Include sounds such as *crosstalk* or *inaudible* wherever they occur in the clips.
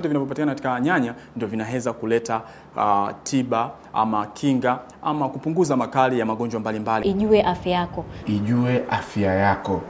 vyote vinavyopatikana katika nyanya ndio vinaweza kuleta uh, tiba ama kinga ama kupunguza makali ya magonjwa mbalimbali. Ijue afya yako, ijue afya yako.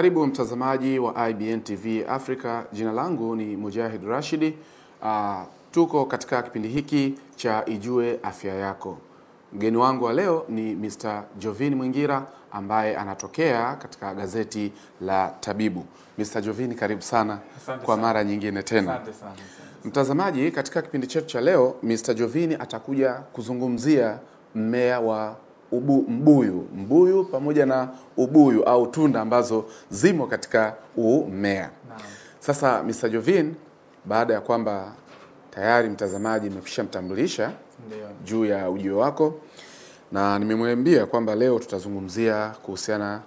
Karibu mtazamaji wa IBN TV Africa. Jina langu ni Mujahid Rashidi. Uh, tuko katika kipindi hiki cha Ijue Afya Yako. Mgeni wangu wa leo ni Mr. Jovin Mwingira ambaye anatokea katika gazeti la Tabibu. Mr. Jovin, karibu sana asante kwa mara nyingine tena asante sana, asante sana. Mtazamaji, katika kipindi chetu cha leo Mr. Jovin atakuja kuzungumzia mmea wa ubu, mbuyu mbuyu pamoja na ubuyu au tunda ambazo zimo katika huu mmea. Sasa Mr. Jovin, baada ya kwamba tayari mtazamaji nimekwisha mtambulisha juu ya ujio wako na nimemwambia kwamba leo tutazungumzia kuhusiana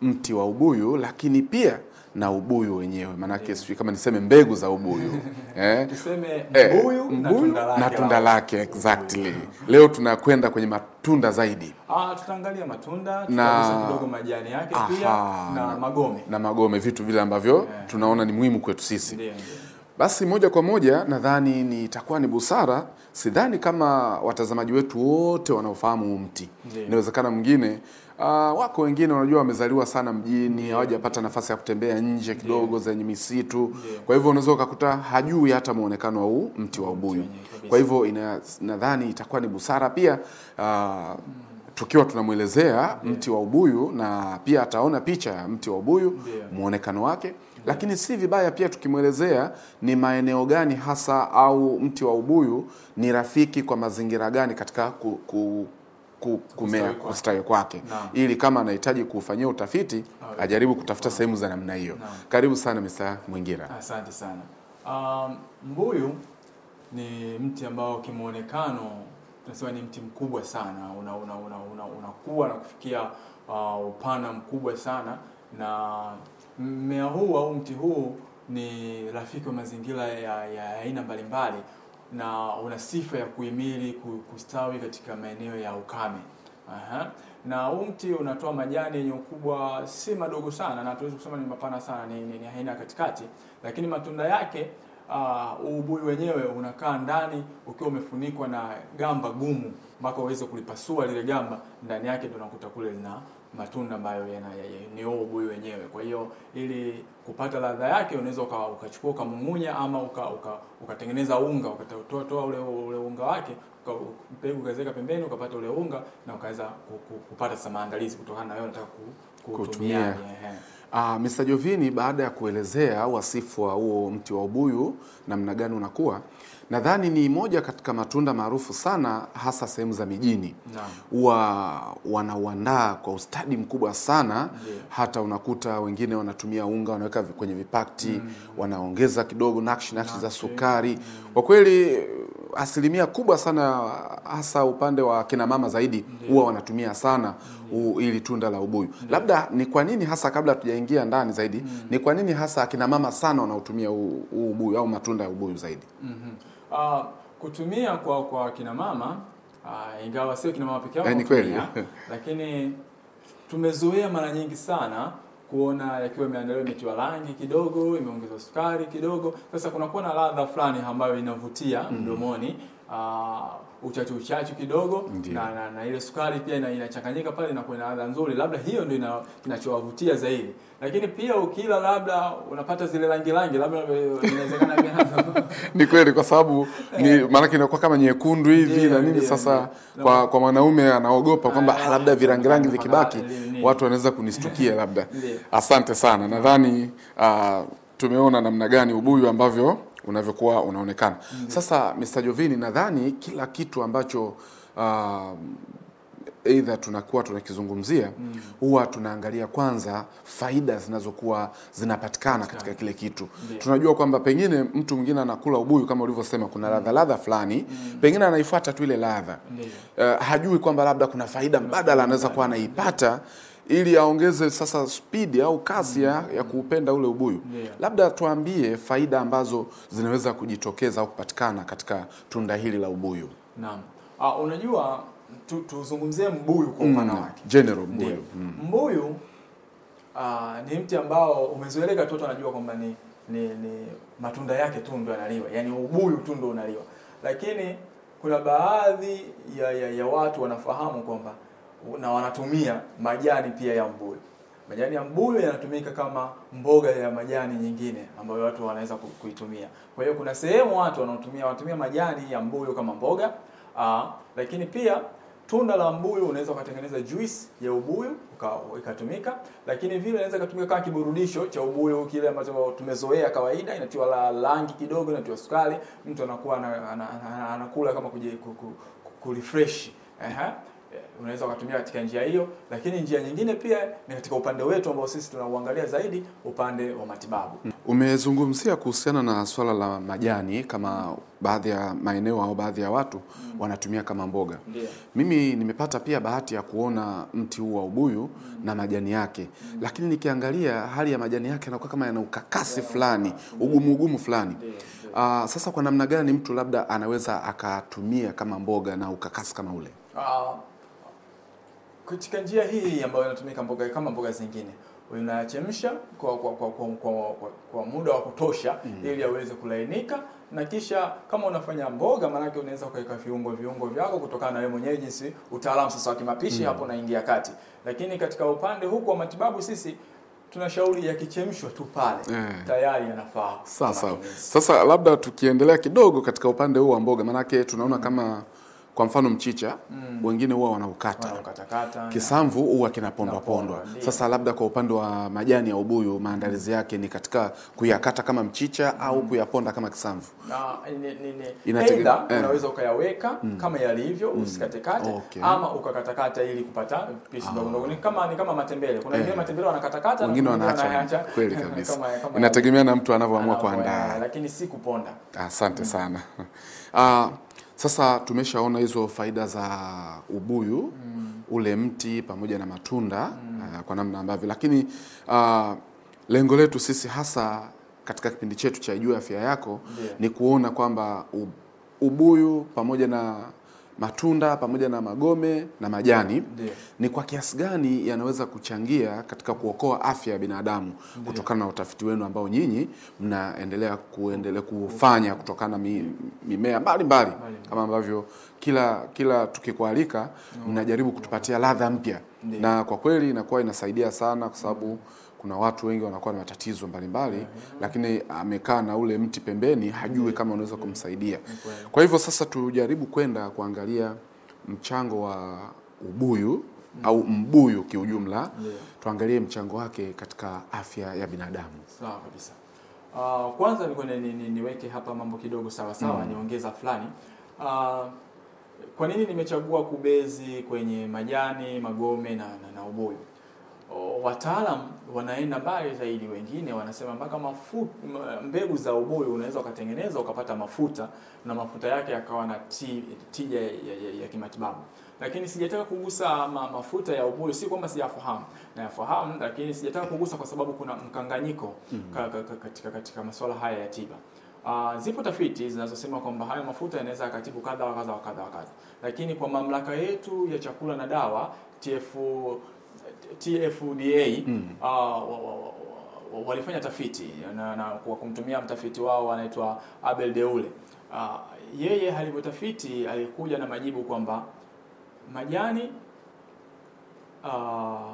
mti wa ubuyu, lakini pia na ubuyu wenyewe, maanake yeah. Sijui kama niseme mbegu za ubuyu *laughs* eh? Tuseme eh, mbuyu na tunda lake exactly. Leo tunakwenda kwenye matunda zaidi. Ah, tutaangalia matunda, na kidogo majani yake pia na magome, na magome, vitu vile ambavyo yeah. tunaona ni muhimu kwetu sisi yeah, Basi moja kwa moja nadhani nitakuwa ni busara. Sidhani kama watazamaji wetu wote wanaofahamu huu mti, inawezekana mwingine Uh, wako wengine unajua wamezaliwa sana mjini hawajapata yeah. nafasi ya kutembea nje kidogo yeah. zenye misitu yeah. kwa hivyo unaweza ukakuta hajui hata muonekano wa huu mti wa ubuyu. Kwa hivyo nadhani itakuwa ni busara pia uh, tukiwa tunamwelezea yeah. mti wa ubuyu na pia ataona picha ya mti wa ubuyu yeah. muonekano wake lakini si vibaya pia tukimwelezea ni maeneo gani hasa au mti wa ubuyu ni rafiki kwa mazingira gani katika ku, ku, kumea kustawi kwake, ili kama anahitaji kufanyia utafiti ajaribu kutafuta sehemu za namna hiyo. Karibu sana Mr. Mwingira, asante sana. Um, mbuyu ni mti ambao kimuonekano tunasema ni mti mkubwa sana, unakuwa una, una, una, una na kufikia uh, upana mkubwa sana, na mmea huu au mti huu ni rafiki wa mazingira ya aina mbalimbali na una sifa ya kuhimili kustawi katika maeneo ya ukame. Aha. Na huu mti unatoa majani yenye ukubwa si madogo sana, na tuwezi kusema ni mapana sana, ni, ni, ni aina katikati, lakini matunda yake uh, ah, ubuyu wenyewe unakaa ndani ukiwa umefunikwa na gamba gumu mpaka uweze kulipasua lile gamba, ndani yake ndio unakuta kule lina matunda ambayo ni ubuyu wenyewe. Kwa hiyo ili kupata ladha yake, unaweza ukachukua ukamung'unya, ama ukatengeneza uka, ukatengeneza unga ukatoa toa ule, ule unga wake mbegu ukaweka pembeni, ukapata ule unga na ukaweza kupata sasa maandalizi kutokana na wewe unataka kutumia. Ah, Mr. Jovini baada ya kuelezea wasifu wa huo mti wa ubuyu namna gani unakuwa nadhani ni moja katika matunda maarufu sana hasa sehemu za mijini huwa wanauandaa kwa ustadi mkubwa sana yeah. Hata unakuta wengine wanatumia unga wanaweka kwenye vipakti mm. Wanaongeza kidogo nakshi nakshi za sukari mm. kwa mm. Kweli asilimia kubwa sana hasa upande wa kina mama zaidi huwa yeah. Wanatumia sana yeah. Ili tunda la ubuyu yeah. Labda ni kwa nini hasa, kabla tujaingia ndani zaidi mm. Ni kwa nini hasa akina mama sana wanaotumia huu ubuyu au matunda ya ubuyu zaidi mm -hmm uh, kutumia kwa kwa kina mama uh, ingawa sio kina mama pekee yao eh, kweli, *laughs* lakini tumezoea mara nyingi sana kuona yakiwa imeandaliwa imetiwa rangi kidogo, imeongezwa sukari kidogo. Sasa kunakuwa na ladha fulani ambayo inavutia mm. mdomoni mm -hmm. uh, uchachu uchachu kidogo na, na, na ile sukari pia inachanganyika pale na kuna ladha nzuri, labda hiyo ndio kinachowavutia zaidi. Lakini pia ukila labda unapata zile rangi rangi, labda eh, inawezekana *laughs* ni kweli, kwa sababu ni eh. maana inakuwa kama nyekundu hivi na nini. Sasa kwa kwa mwanaume anaogopa kwamba ah, labda virangi rangi ah, vikibaki watu wanaweza kunistukia labda. Asante sana, nadhani uh, tumeona namna gani ubuyu ambavyo unavyokuwa unaonekana mm -hmm. Sasa Mr. Jovini, nadhani kila kitu ambacho uh, either tunakuwa tunakizungumzia huwa mm. tunaangalia kwanza faida zinazokuwa zinapatikana katika kile kitu yeah. Tunajua kwamba pengine mtu mwingine anakula ubuyu kama ulivyosema, kuna mm. ladha ladha fulani mm. pengine anaifuata tu ile ladha yeah. Uh, hajui kwamba labda kuna faida mbadala anaweza kuwa anaipata yeah ili aongeze sasa spidi au kasi ya, ya kuupenda ule ubuyu yeah. Labda tuambie faida ambazo zinaweza kujitokeza au kupatikana katika tunda hili la ubuyu. Naam. Uh, unajua tuzungumzie tu mbuyu kwa mm. upana wake general mbuyu mm. Mbuyu uh, ni mti ambao umezoeleka tu, anajua kwamba ni, ni, ni matunda yake tu ndio yanaliwa, yaani ubuyu tu ndio unaliwa, lakini kuna baadhi ya, ya, ya watu wanafahamu kwamba na wanatumia majani pia ya mbuyu. Majani ya mbuyu yanatumika kama mboga ya majani nyingine ambayo watu wanaweza kuitumia. Kwa hiyo kuna sehemu watu wanaotumia wanatumia majani ya mbuyu kama mboga. Aa, lakini pia tunda la mbuyu unaweza ukatengeneza juice ya ubuyu ikatumika, lakini vile inaweza ikatumika kama kiburudisho cha ubuyu kile ambacho tumezoea kawaida, inatiwa la rangi kidogo, inatiwa sukari, mtu anakuwa anakula kama kuje kurefresh. Ehe unaweza ukatumia katika njia hiyo, lakini njia nyingine pia ni katika upande wetu ambao sisi tunauangalia zaidi, upande wa matibabu. Hmm. Umezungumzia kuhusiana na swala la majani kama baadhi ya maeneo au baadhi ya watu mm. wanatumia kama mboga Ndia. Mimi nimepata pia bahati ya kuona mti huu wa ubuyu mm. na majani yake mm. lakini nikiangalia hali ya majani yake yanakuwa kama yana ukakasi fulani, hmm. ugumu ugumu fulani. Aa, ah, sasa kwa namna gani mtu labda anaweza akatumia kama mboga na ukakasi kama ule? Aa. Ah, katika njia hii ambayo inatumika mboga kama mboga zingine unayachemsha kwa kwa, kwa, kwa, kwa, kwa, kwa muda wa kutosha mm. ili aweze kulainika na kisha kama unafanya mboga maanake unaweza ukaweka viungo viungo vyako kutokana na wewe mwenyewe jinsi utaalamu sasa wakimapishi kimapishi mm. hapo unaingia kati lakini katika upande huku wa matibabu sisi tunashauri yakichemshwa tu pale yeah. tayari yanafaa sasa sasa labda tukiendelea kidogo katika upande huu wa mboga maanake tunaona mm. kama kwa mfano mchicha mm. Wengine huwa wanaukata kisamvu huwa kinapondwa pondwa. Sasa labda kwa upande wa majani ya ubuyu maandalizi yake ni katika kuyakata kama mchicha mm. au kuyaponda kama kisamvu. Eh, inategemea, eh. unaweza ukayaweka mm. kama yalivyo mm. usikatekate okay. Ama ukakatakata ili kupata pisi ah. ndogo ndogo, ni kama ni kama matembele. Kuna eh. wengine eh. matembele wanakatakata, wengine wanaacha. Kweli *laughs* kabisa inategemea na mtu anavyoamua kuandaa, lakini si kuponda. Asante mm. sana *laughs* ah, sasa tumeshaona hizo faida za ubuyu mm. ule mti pamoja na matunda mm. uh, kwa namna ambavyo, lakini uh, lengo letu sisi hasa katika kipindi chetu cha Jua Afya Yako yeah. ni kuona kwamba ubuyu pamoja na matunda pamoja na magome na majani Deo. Ni kwa kiasi gani yanaweza kuchangia katika kuokoa afya ya binadamu kutokana na utafiti wenu ambao nyinyi mnaendelea kuendelea kufanya kutokana na mimea mbalimbali kama ambavyo kila kila tukikualika mnajaribu kutupatia ladha mpya na kwa kweli inakuwa inasaidia sana kwa sababu kuna watu wengi wanakuwa na matatizo mbalimbali mm -hmm. Lakini amekaa na ule mti pembeni, hajui kama unaweza kumsaidia. Kwa hivyo sasa tujaribu kwenda kuangalia mchango wa ubuyu Mm. au mbuyu kiujumla, yeah. Tuangalie mchango wake katika afya ya binadamu. Sawa kabisa. Uh, kwanza ni, ni, niweke hapa mambo kidogo sawa sawa mm. niongeza fulani uh, kwa nini nimechagua kubezi kwenye majani, magome na, na, na ubuyu? Wataalam wanaenda mbali zaidi, wengine wanasema mpaka mbegu za ubuyu unaweza ukatengeneza ukapata mafuta na mafuta yake yakawa na tija ya, ya, ya kimatibabu. Lakini sijataka kugusa ma, mafuta ya ubuyu, si kwamba siyafahamu, nayafahamu, lakini sijataka kugusa kwa sababu kuna mkanganyiko mm -hmm. ka, ka, katika, katika masuala haya ya tiba. Uh, zipo tafiti zinazosema kwamba hayo mafuta yanaweza yakatibu kadha wa kadha wa kadha wa kadha, lakini kwa mamlaka yetu ya chakula na dawa TF TFDA mm. uh, walifanya tafiti na, na kwa kumtumia mtafiti wao anaitwa Abel Deule. Uh, yeye alivyotafiti alikuja na majibu kwamba majani uh,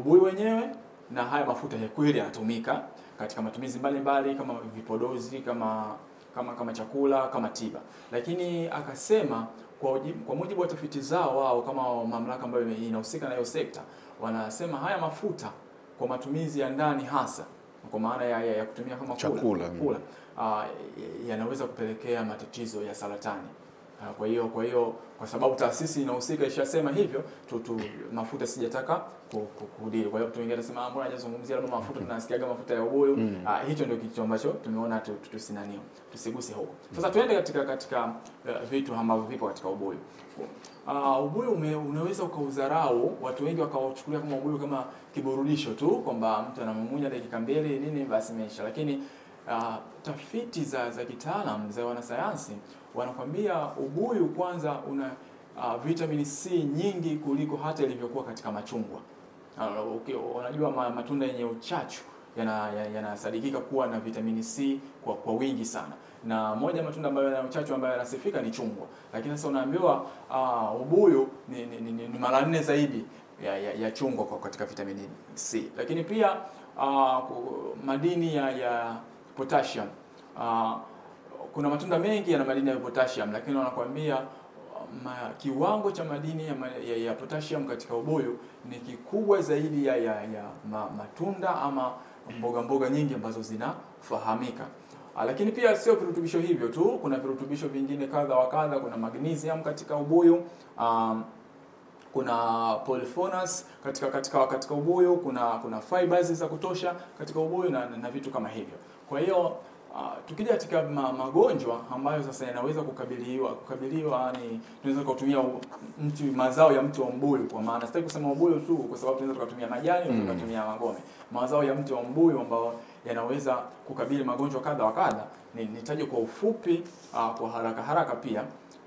ubui wenyewe na haya mafuta ya kweli yanatumika katika matumizi mbalimbali kama vipodozi, kama kama kama chakula, kama tiba, lakini akasema kwa, kwa mujibu wa tafiti zao wao kama mamlaka ambayo inahusika na hiyo sekta, wanasema haya mafuta kwa matumizi ya ndani hasa kwa maana ya, ya, ya kutumia kama chakula, kula, kula, ah, uh, yanaweza kupelekea matatizo ya saratani. Ah, kwa hiyo kwa hiyo kwa sababu taasisi inahusika ishasema hivyo tu, mafuta sijataka kudili. Kwa hiyo mtu mwingine anasema ah, mbona hajazungumzia labda mafuta, mm. tunasikiaga mafuta ya ubuyu mm. Uh, hicho ndio kitu ambacho tumeona tusinanio tusiguse huko. Sasa tuende katika katika uh, vitu ambavyo vipo katika ubuyu. Uh, ubuyu ume, unaweza ukaudharau, watu wengi wakawachukulia kama ubuyu kama kiburudisho tu kwamba mtu anamumunya dakika mbili nini basi imeisha, lakini Uh, tafiti za, za kitaalam za wanasayansi wanakwambia ubuyu kwanza una uh, ah, vitamini C nyingi kuliko hata ilivyokuwa katika machungwa. Uh, okay, unajua matunda yenye uchachu yanasadikika yana kuwa na vitamini C kwa, kwa wingi sana, na moja ya matunda ambayo yana uchachu ambayo yanasifika ni chungwa, lakini sasa unaambiwa uh, ubuyu ni, ni, ni, ni mara nne zaidi ya, ya, ya chungwa kwa katika vitamini C, lakini pia uh, madini ya, ya potassium. Uh, kuna matunda mengi yana madini ya potassium, lakini wanakuambia um, ma, kiwango cha madini ya, ya, ya potassium katika ubuyu ni kikubwa zaidi ya, ya, ya ma, matunda ama mboga mboga nyingi ambazo zinafahamika. Ah, lakini pia sio virutubisho hivyo tu, kuna virutubisho vingine kadha wa kadha. Kuna magnesium katika ubuyu um, kuna polyphenols katika katika katika ubuyu, kuna kuna fibers za kutosha katika ubuyu na, na vitu kama hivyo. Kwa hiyo Uh, tukija katika ma magonjwa ambayo sasa yanaweza kukabiliwa kukabiliwa, ni tunaweza kutumia mti mazao ya mti wa mbuyu, kwa maana sitaki kusema mbuyu tu, kwa sababu tunaweza tukatumia majani mm, tukatumia magome. Mazao ya mti wa mbuyu ambao yanaweza kukabili magonjwa kadha wa kadha, ni nitaje kwa ufupi uh, kwa haraka haraka. Pia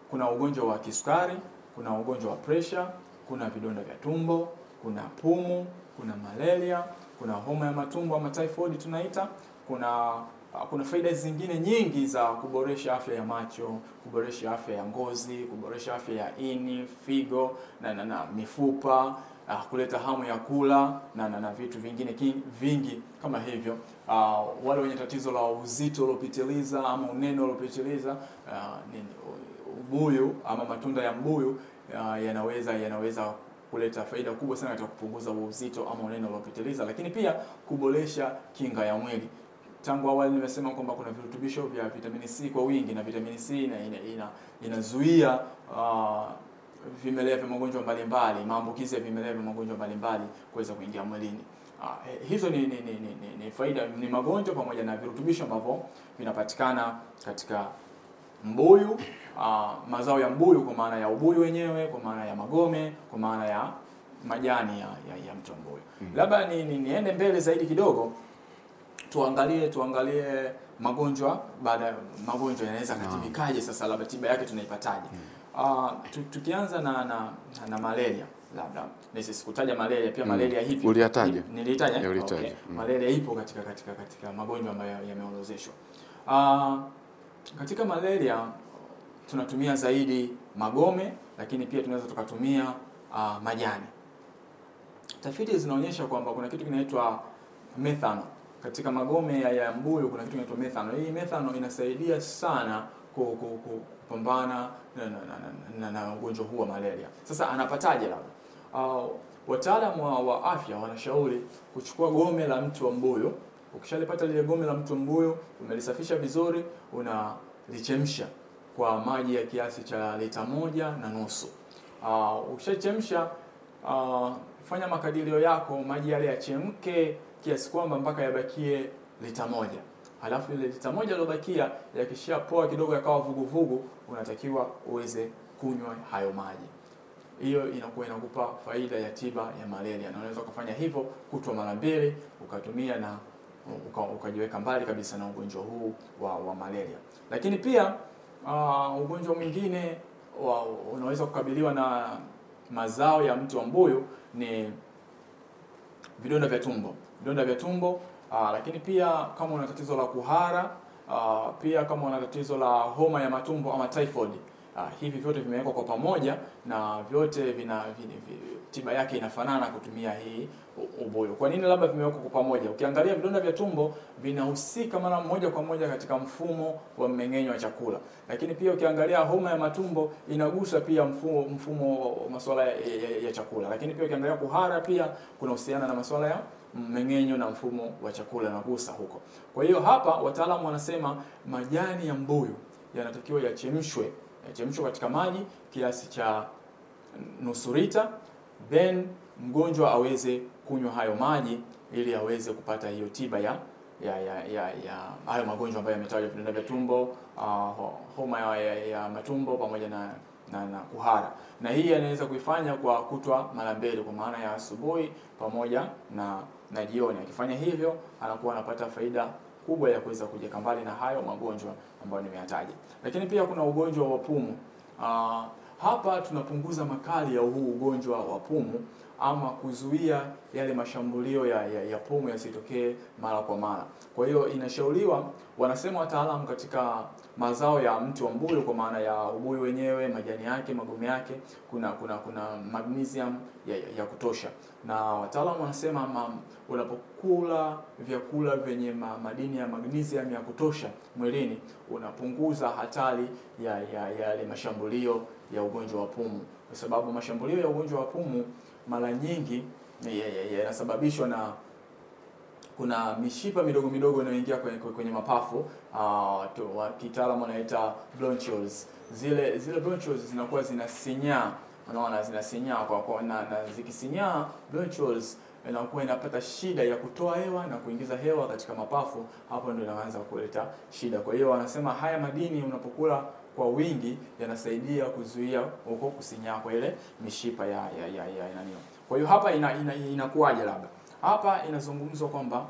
kuna ugonjwa wa kisukari, kuna ugonjwa wa presha, kuna vidonda vya tumbo, kuna pumu, kuna malaria, kuna homa ya matumbo ama typhoid tunaita kuna kuna faida zingine nyingi za kuboresha afya ya macho, kuboresha afya ya ngozi, kuboresha afya ya ini, figo na, na, na mifupa uh, kuleta hamu ya kula na, na, na vitu vingine king, vingi kama hivyo. Uh, wale wenye tatizo la uzito uliopitiliza ama unene uliopitiliza uh, ubuyu ama matunda ya mbuyu uh, yanaweza yanaweza kuleta faida kubwa sana katika kupunguza uzito ama unene uliopitiliza, lakini pia kuboresha kinga ya mwili tangu awali nimesema kwamba kuna virutubisho vya vitamini C kwa wingi na vitamini C ina inazuia ina uh, vimelea vya magonjwa mbalimbali, maambukizi ya vimelea vya magonjwa mbalimbali kuweza kuingia mwilini. Uh, hizo ni, ni, ni, ni, ni faida ni magonjwa pamoja na virutubisho ambavyo vinapatikana katika mbuyu uh, mazao ya mbuyu kwa maana ya ubuyu wenyewe, kwa maana ya magome, kwa maana ya majani ya, ya, ya mti wa mbuyu. Mm -hmm. Labda ni, ni, niende mbele zaidi kidogo tuangalie tuangalie magonjwa baada ya magonjwa yanaweza ah. katibikaje? Sasa labda tiba yake tunaipataje? Uh, tukianza na, na, na na malaria labda nisikutaja malaria pia mm. malaria hivi uliyataja nilitaja yeah, okay. mm. malaria ipo katika katika katika magonjwa ambayo yameorozeshwa. Uh, ah, katika malaria tunatumia zaidi magome, lakini pia tunaweza tukatumia uh, majani. Tafiti zinaonyesha kwamba kuna kitu kinaitwa methano katika magome ya mbuyu kuna kitu kinaitwa methano. Hii methano inasaidia sana kupambana na ugonjwa huu wa malaria. Sasa anapataje labda? Uh, wataalamu wa afya wanashauri kuchukua gome la mti wa mbuyu. Ukishalipata lile gome la mti wa mbuyu, umelisafisha vizuri, unalichemsha kwa maji ya kiasi cha lita moja na nusu. Uh, ukishachemsha, uh, fanya makadirio yako, maji yale yachemke kiasi kwamba mpaka yabakie lita moja. Halafu ile lita moja iliyobakia yakishapoa kidogo yakawa vuguvugu, unatakiwa uweze kunywa hayo maji. Hiyo inakuwa inakupa faida ya tiba ya malaria, na unaweza ukafanya hivyo kutwa mara mbili, ukatumia na uka, ukajiweka mbali kabisa na ugonjwa huu wa, wa malaria. Lakini pia uh, ugonjwa mwingine unaweza kukabiliwa na mazao ya mti wa mbuyu ni vidonda vya tumbo, vidonda vya tumbo aa, ah, lakini pia kama una tatizo la kuhara aa, ah, pia kama una tatizo la homa ya matumbo ama typhoid, ah, hivi vyote vimewekwa kwa pamoja na vyote vina, vina, vina tiba yake inafanana kutumia hii ubuyu. Kwa nini labda vimewekwa kwa pamoja? Ukiangalia vidonda vya tumbo vinahusika mara moja kwa moja katika mfumo wa mmeng'enyo wa chakula, lakini pia ukiangalia homa ya matumbo inagusa pia mfumo mfumo masuala ya, ya, ya chakula, lakini pia ukiangalia kuhara pia kunahusiana na masuala ya mmeng'enyo na mfumo wa chakula nagusa huko. Kwa hiyo hapa wataalamu wanasema majani ya mbuyu yanatakiwa yachemshwe, yachemshwe katika maji kiasi cha nusurita then mgonjwa aweze kunywa hayo maji ili aweze kupata hiyo tiba ya ya ya ya, ya hayo magonjwa ambayo yametajwa, vidonda vya tumbo, uh, homa ya, ya, ya matumbo pamoja na na, na kuhara. Na hii anaweza kuifanya kwa kutwa mara mbili, kwa maana ya asubuhi pamoja na na jioni. Akifanya hivyo, anakuwa anapata faida kubwa ya kuweza mbali na hayo magonjwa ambayo nimeyataja. Lakini pia kuna ugonjwa wa pumu uh, hapa tunapunguza makali ya huu ugonjwa wa pumu ama kuzuia yale mashambulio ya, ya, ya pumu yasitokee mara kwa mara. Kwa hiyo inashauriwa, wanasema wataalamu katika mazao ya mti wa mbuyu, kwa maana ya ubuyu wenyewe, majani yake, magome yake, kuna kuna kuna magnesium ya, ya, kutosha, na wataalamu wanasema unapokula vyakula vyenye ma, madini ya magnesium ya kutosha mwilini unapunguza hatari ya yale ya, ya mashambulio ya ugonjwa wa pumu, kwa sababu mashambulio ya ugonjwa wa pumu mara nyingi yanasababishwa na kuna mishipa midogo midogo inayoingia kwenye, kwenye mapafu uh, kitaalamu wanaita bronchioles. Zile zile bronchioles zinakuwa zinasinyaa, unaona zinasinyaa kwa, kwa, na, na zikisinyaa bronchioles inakuwa inapata shida ya kutoa hewa na kuingiza hewa katika mapafu, hapo ndio inaanza kuleta shida. Kwa hiyo wanasema haya madini unapokula kwa wingi yanasaidia kuzuia huko kusinyaa kwa ile mishipa ya ya ya, ya, ya Kwa hiyo hapa inakuwaje ina, ina labda? Hapa inazungumzwa kwamba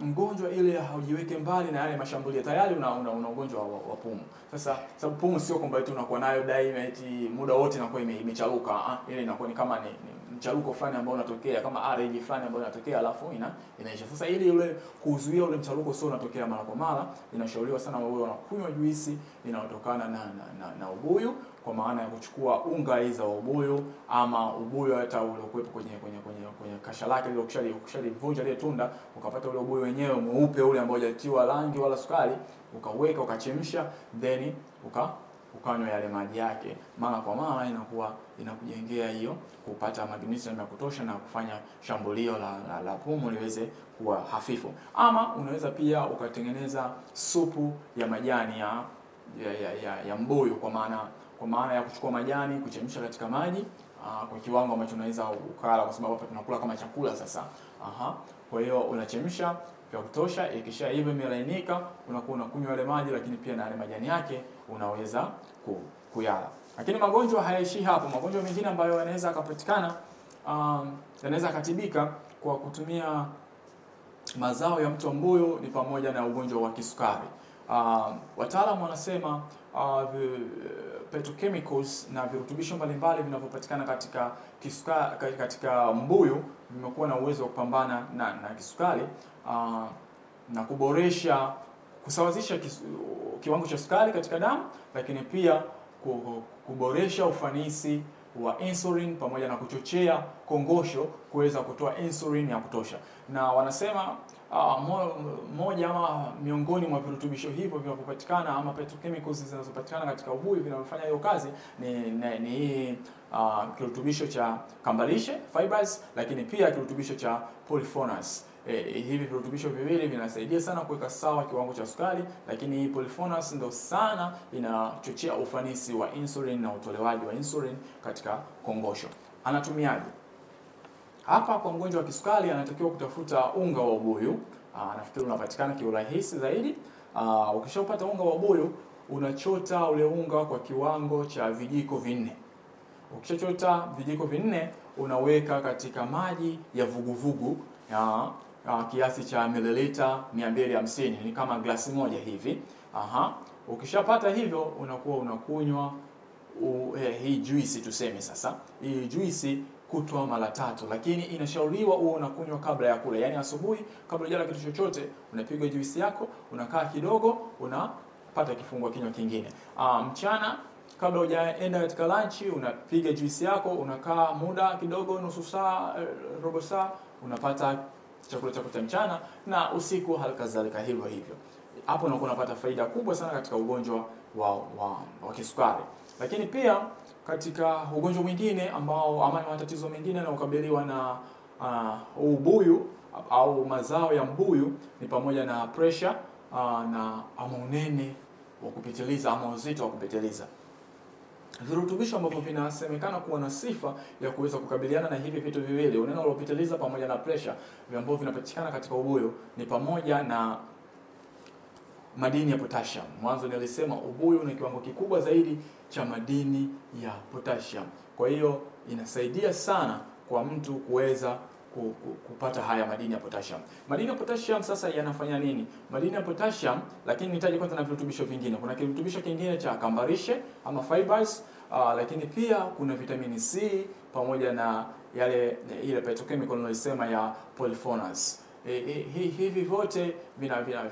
mgonjwa ile haujiweke mbali na yale mashambulio tayari una, una, una ugonjwa wa, wa pumu. Sasa sababu pumu sio kwamba eti unakuwa nayo daima eti muda wote inakuwa imecharuka, ah, ile inakuwa ni kama ni, ni mcharuko fulani ambao unatokea kama range fulani ambayo inatokea alafu ina inaisha. Sasa ili ule kuzuia ule mcharuko sio unatokea mara kwa mara, inashauriwa sana wao wanakunywa juisi inayotokana na, na, na, na ubuyu kwa maana ya kuchukua unga hizo wa ubuyu ama ubuyu hata ule kwenye kwenye kwenye kwenye kasha lake ile ukishali ukishali vunja ile tunda ukapata ule ubuyu wenyewe mweupe ule ambao hajatiwa rangi wala sukari, ukaweka ukachemsha then uka ukanywa yale maji yake mara kwa mara, inakuwa inakujengea hiyo kupata magnesium ya kutosha na kufanya shambulio la, la, la pumu liweze kuwa hafifu. Ama unaweza pia ukatengeneza supu ya majani ya, ya, ya, ya, ya mbuyu kwa maana kwa maana ya kuchukua majani kuchemsha katika maji kwa kiwango ambacho unaweza ukala, kwa sababu hapa tunakula kama chakula sasa. Aha, kwa hiyo unachemsha ya kutosha. hivyo imelainika, unakuwa unakunywa yale maji, lakini pia na yale majani yake unaweza kuyala. Lakini magonjwa hayaishi hapo. Magonjwa mengine ambayo yanaweza kupatikana um, yanaweza katibika kwa kutumia mazao ya mto mbuyu ni pamoja na ugonjwa wa kisukari. Um, wataalamu wanasema uh, petrochemicals na virutubisho mbalimbali vinavyopatikana katika kisuka, katika mbuyu vimekuwa na uwezo wa kupambana na, na kisukari uh, na kuboresha kusawazisha kisu, kiwango cha sukari katika damu, lakini pia kuboresha ufanisi wa insulin pamoja na kuchochea kongosho kuweza kutoa insulin ya kutosha. Na wanasema uh, mo, moja ama miongoni mwa virutubisho hivyo vinavyopatikana ama petrochemicals zinazopatikana katika ubuyu vinavyofanya hiyo kazi ni ni, ni uh, kirutubisho cha kambalishe fibers, lakini pia kirutubisho cha polyphenols eh, hivi virutubisho viwili vinasaidia sana kuweka sawa kiwango cha sukari, lakini polyphenols ndo sana inachochea ufanisi wa insulin na utolewaji wa insulin katika kongosho. Anatumiaje? Hapa kwa mgonjwa wa kisukari anatakiwa kutafuta unga wa ubuyu. Nafikiri unapatikana kiurahisi zaidi. Ukishapata unga wa ubuyu, unachota ule unga kwa kiwango cha vijiko vinne. Ukishachota vijiko vinne, unaweka katika maji ya vuguvugu vugu, uh, kiasi cha mililita 250 ni kama glasi moja hivi. Aha. Ukishapata hivyo unakuwa unakunywa uh, eh, hii juisi tuseme sasa, hii juisi kutwa mara tatu, lakini inashauriwa uwe unakunywa kabla ya kula, yaani asubuhi kabla hujala kitu chochote, unapiga juisi yako, unakaa kidogo, unapata kifungua kinywa kingine. Uh, mchana kabla hujaenda katika lunch unapiga juisi yako, unakaa muda kidogo, nusu saa, eh, robo saa, unapata chakula chako cha mchana na usiku halikadhalika hivyo hivyo. Hapo unakuwa unapata faida kubwa sana katika ugonjwa wa, wa, wa kisukari. Lakini pia katika ugonjwa mwingine ambao ama matatizo mengine yanayokabiliwa na uh, ubuyu au mazao ya mbuyu ni pamoja na pressure uh, na ama unene wa kupitiliza ama uzito wa kupitiliza. Virutubisho ambavyo vinasemekana kuwa na sifa ya kuweza kukabiliana na hivi vitu viwili, unene uliopitiliza pamoja na presha, ambavyo vinapatikana katika ubuyu ni pamoja na madini ya potassium. Mwanzo nilisema ubuyu ni kiwango kikubwa zaidi cha madini ya potassium, kwa hiyo inasaidia sana kwa mtu kuweza kupata haya madini ya potassium. Madini ya potassium sasa yanafanya nini? Madini ya potassium, lakini nitaje kwanza na virutubisho vingine. Kuna kirutubisho kingine cha kambarishe ama fibers, uh, lakini pia kuna vitamini C pamoja na yale ile petrochemical niliyosema ya polyphenols. E, e, hi, hivi vyote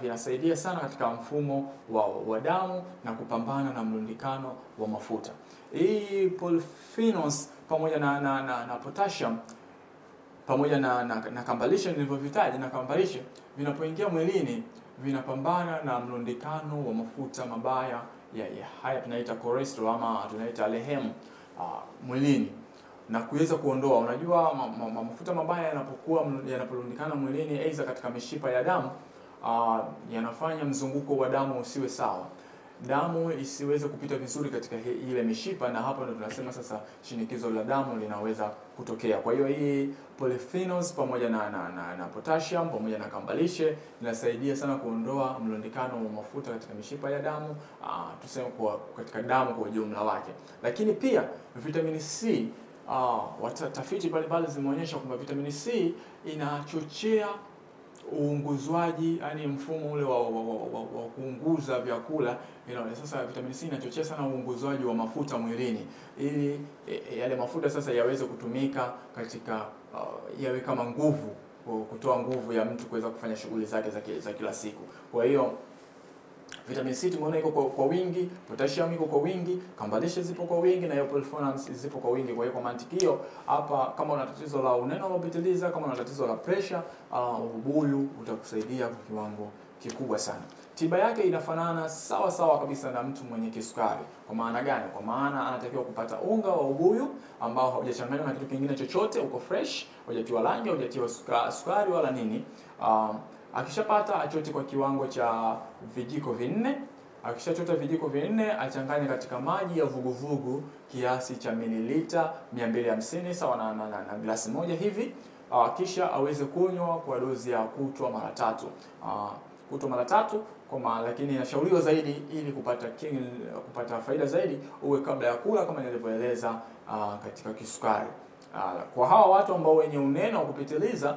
vinasaidia vina sana katika mfumo wa, wa damu na kupambana na mlundikano wa mafuta. Hii polyphenols pamoja na, na, na, na potassium pamoja na na, na kambalisho nilivyovitaja na kambalisho vinapoingia mwilini vinapambana na mlundikano wa mafuta mabaya ya, ya haya tunaita cholesterol ama tunaita lehemu uh, ah, mwilini na kuweza kuondoa. Unajua ma, ma, mafuta mabaya yanapokuwa yanapolundikana mwilini, aidha katika mishipa ya damu uh, yanafanya mzunguko wa damu usiwe sawa damu isiweze kupita vizuri katika ile mishipa, na hapa ndo tunasema sasa shinikizo la damu linaweza kutokea. Kwa hiyo hii polyphenols pamoja na, na, na, na potassium pamoja na kambalishe inasaidia sana kuondoa mlundikano wa mafuta katika mishipa ya damu uh, tuseme kwa katika damu kwa ujumla wake, lakini pia vitamini C Uh, tafiti mbalimbali zimeonyesha kwamba vitamini C inachochea uunguzwaji, yani mfumo ule wa, wa, wa, wa, wa kuunguza vyakula know. Sasa vitamini C inachochea sana uunguzwaji wa mafuta mwilini, ili e, e, yale mafuta sasa yaweze kutumika katika uh, yawe kama nguvu, kutoa nguvu ya mtu kuweza kufanya shughuli zake za kila siku, kwa hiyo Vitamin C tumeona iko kwa, kwa wingi, potassium iko kwa wingi, kambalishe zipo kwa wingi na eupollfernans zipo kwa wingi. Kwa hiyo kwa mantiki hiyo hapa, kama una tatizo la uneno unaopitiliza, kama una tatizo la pressure, uh, ubuyu utakusaidia kwa kiwango kikubwa sana. Tiba yake inafanana sawa sawa kabisa na mtu mwenye kisukari. Kwa maana gani? Kwa maana anatakiwa kupata unga wa ubuyu ambao haujachanganywa na kitu kingine chochote, uko fresh, hujatiwa rangi, hujatiwa sukari wala nini. uh, Akishapata achote kwa kiwango cha vijiko vinne. Akishachota vijiko vinne achanganye katika maji ya vuguvugu kiasi cha mililita 250 sawa na, na, na, na glasi moja hivi. Ah, kisha aweze kunywa kwa dozi ya kutwa mara tatu ah, kutwa mara tatu kwa, lakini inashauriwa zaidi ili kupata king, kupata faida zaidi uwe kabla ya kula kama nilivyoeleza ah, katika kisukari. Aa, kwa hawa watu ambao wenye unene wa kupitiliza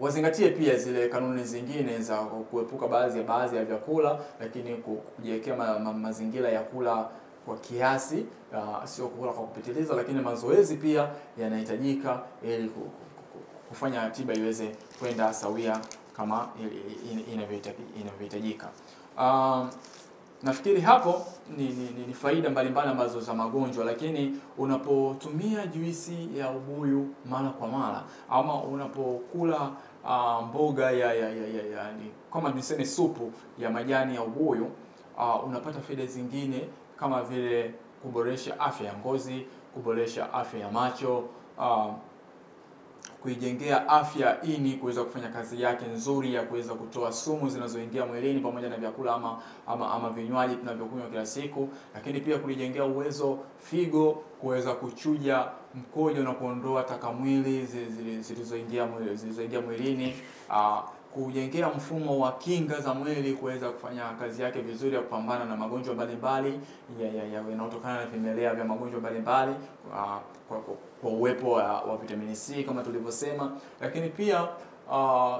wazingatie pia zile kanuni zingine za kuepuka baadhi ya baadhi ya vyakula, lakini kujiwekea ma, ma, mazingira ya kula kwa kiasi, uh, sio kula kwa kupitiliza, lakini mazoezi pia yanahitajika ili kufanya tiba iweze kwenda sawia kama inavyohitajika. Um, Nafikiri hapo ni, ni, ni, ni faida mbalimbali ambazo za magonjwa, lakini unapotumia juisi ya ubuyu mara kwa mara ama unapokula uh, mboga ya, ya, ya, ya, ya ni, kama niseme supu ya majani ya ubuyu uh, unapata faida zingine kama vile kuboresha afya ya ngozi, kuboresha afya ya macho uh, kuijengea afya ini kuweza kufanya kazi yake nzuri ya kuweza kutoa sumu zinazoingia mwilini pamoja na vyakula ama, ama, ama vinywaji tunavyokunywa kila siku, lakini pia kulijengea uwezo figo kuweza kuchuja mkojo na kuondoa taka mwili zilizoingia mwilini. Ah, kujengea mfumo wa kinga za mwili kuweza kufanya kazi yake vizuri ya kupambana na magonjwa mbalimbali yanayotokana na vimelea vya magonjwa mbalimbali uh, kwa, kwa uwepo wa, wa vitamini C kama tulivyosema, lakini pia uh,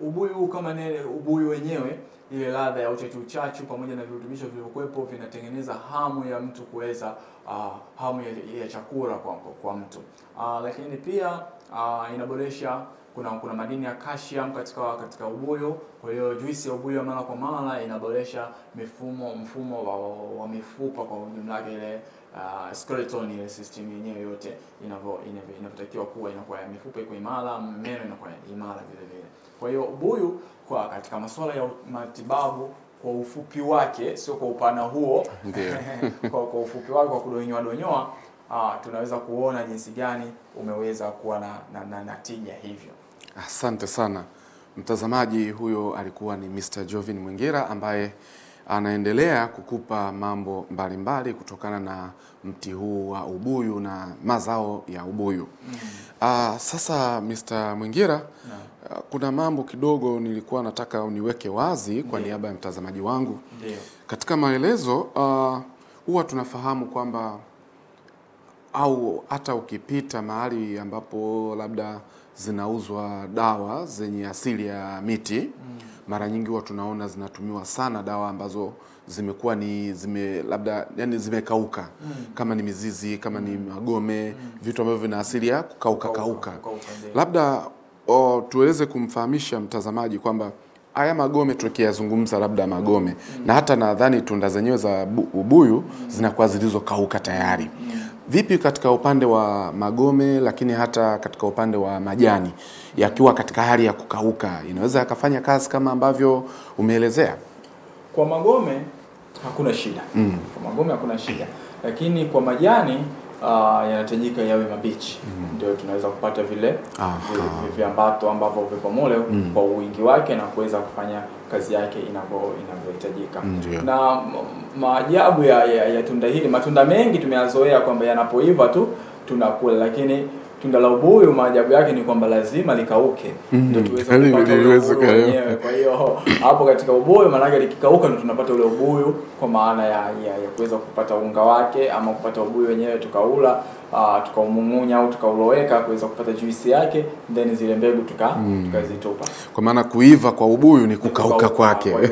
ubuyu kama nile ubuyu wenyewe ile ladha ya uchachu uchachu pamoja na virutubisho vilivyokuwepo vinatengeneza hamu ya mtu kuweza uh, hamu ya, ya chakula kwa, kwa mtu uh, lakini pia uh, inaboresha kuna, kuna madini ya calcium katika katika ubuyu. Kwa hiyo juisi ya ubuyu mara kwa mara inaboresha mifumo mfumo wa, wa mifupa kwa ujumla ile uh, skeleton ile system yenyewe yote inavyo inavyotakiwa kuwa inakuwa ya mifupa iko imara, meno inakuwa imara vile vile. Kwa hiyo ubuyu kwa katika masuala ya matibabu kwa ufupi wake, sio kwa upana huo *laughs* kwa, kwa ufupi wake kwa kudonyoa donyoa, ah, tunaweza kuona jinsi gani umeweza kuwa na, na, na, na tija hivyo. Asante sana mtazamaji. Huyo alikuwa ni Mr. Jovin Mwingira ambaye anaendelea kukupa mambo mbalimbali mbali kutokana na mti huu wa ubuyu na mazao ya ubuyu mm -hmm. sasa Mr. Mwingira uh, kuna mambo kidogo nilikuwa nataka uniweke wazi kwa niaba ya mtazamaji wangu Deo. Katika maelezo ah, huwa tunafahamu kwamba au hata ukipita mahali ambapo labda zinauzwa dawa zenye asili ya miti mm. Mara nyingi huwa tunaona zinatumiwa sana dawa ambazo zimekuwa ni zime labda yani zimekauka mm. kama ni mizizi kama mm. ni magome mm. vitu ambavyo vina asili ya kukauka kauka, kauka. Labda o, tuweze kumfahamisha mtazamaji kwamba haya magome tukiyazungumza labda magome mm. na hata nadhani tunda zenyewe za ubuyu mm. zinakuwa zilizokauka tayari mm Vipi katika upande wa magome, lakini hata katika upande wa majani yakiwa katika hali ya kukauka, inaweza yakafanya kazi kama ambavyo umeelezea? Kwa magome hakuna shida mm. Kwa magome hakuna shida, lakini kwa majani uh, yanahitajika yawe mabichi mm. ndio tunaweza kupata vile ah, viambato ah. ambavyo vipo mm. kwa wingi wake na kuweza kufanya kazi yake inavyohitajika na maajabu ya, ya, ya tunda hili matunda mengi tumeyazoea kwamba yanapoiva tu tunakula lakini tunda la ubuyu maajabu yake ni kwamba lazima likauke mm. ndio tuweze yaani kupata ubuyu wenyewe. Kwa hiyo hapo katika ubuyu, maanake likikauka ndio tunapata ule ubuyu, kwa maana ya, ya, ya kuweza kupata unga wake ama kupata ubuyu wenyewe tukaula uh, tukaumung'unya au tukauloweka kuweza kupata juisi yake, then zile mbegu tuka mm. tukazitupa. Kwa maana kuiva kwa ubuyu ni kukauka kwake. *laughs*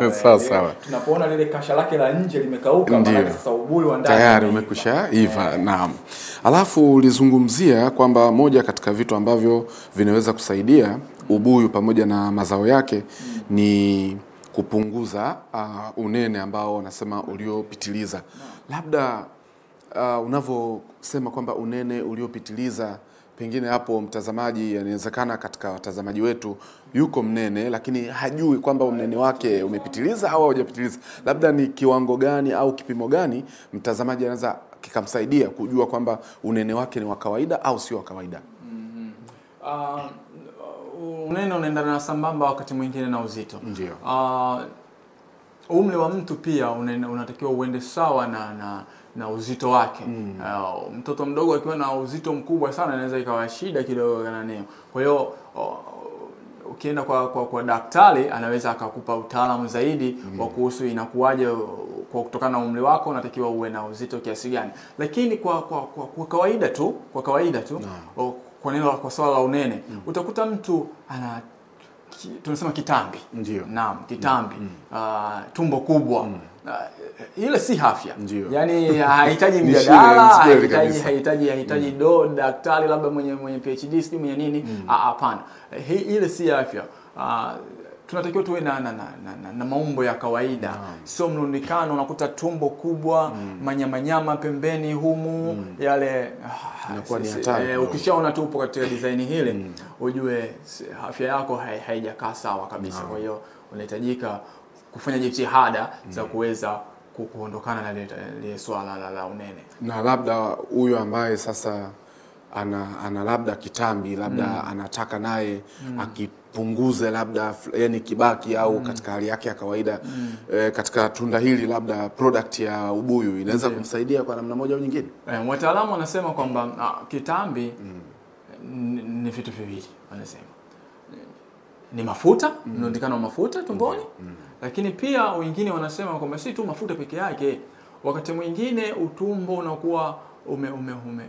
Eh, sawa sawa, tunapoona lile kasha lake la nje limekauka, maana sasa ubuyu wa ndani tayari umekusha iva. Eh. Naam, alafu ulizungumzia kwamba moja katika vitu ambavyo vinaweza kusaidia ubuyu pamoja na mazao yake mm. ni kupunguza uh, unene ambao wanasema uliopitiliza, labda uh, unavyosema kwamba unene uliopitiliza pengine hapo mtazamaji, inawezekana katika watazamaji wetu yuko mnene, lakini hajui kwamba mnene wake umepitiliza au haujapitiliza. Labda ni kiwango gani au kipimo gani mtazamaji anaweza kikamsaidia kujua kwamba unene wake ni wa kawaida au sio wa kawaida? mm -hmm. Uh, unene unaendana na sambamba wakati mwingine na uzito. Ndio. Uh, umle wa mtu pia unatakiwa uende sawa na, na na uzito wake mm. Uh, mtoto mdogo akiwa na uzito mkubwa sana inaweza ikawa shida kidogo nani. Kwa hiyo uh, ukienda kwa, kwa, kwa daktari anaweza akakupa utaalamu zaidi mm. wa kuhusu inakuwaje kwa kutokana na umri wako unatakiwa uwe na uzito kiasi gani, lakini kwa, kwa, kwa, kwa kawaida tu kwa kawaida tu no. Uh, kwa neno kwa swala la unene mm. utakuta mtu ana tunasema kitambi. ndio Naam, mm. kitambi mm. uh, tumbo kubwa mm uh, ile si afya yani *laughs* hahitaji mjadala hahitaji hahitaji mm. do daktari labda mwenye mwenye PhD si mwenye nini mm. Ah, hapana mm. uh, ile si afya uh, tunatakiwa tuwe na, na, na, na, na maumbo ya kawaida mm. sio mlundikano unakuta tumbo kubwa mm. manyamanyama pembeni humu mm. yale ah, eh, ukishaona tu upo katika design hili mm. ujue afya yako haijakaa sawa kabisa kwa hiyo unahitajika kufanya jitihada mm. za kuweza kuondokana na lile swala la, la unene na labda huyu ambaye sasa ana, ana labda kitambi labda mm. anataka naye mm. akipunguze labda yani kibaki au mm. katika hali yake ya kawaida mm. e, katika tunda hili labda product ya ubuyu inaweza yeah. kumsaidia kwa namna moja au nyingine. E, wataalamu wanasema kwamba ah, kitambi mm. ni vitu viwili, wanasema ni mafuta mm. mm. wa mafuta tumboni mm. mm lakini pia wengine wanasema kwamba si tu mafuta peke yake, wakati mwingine utumbo unakuwa ume, ume, ume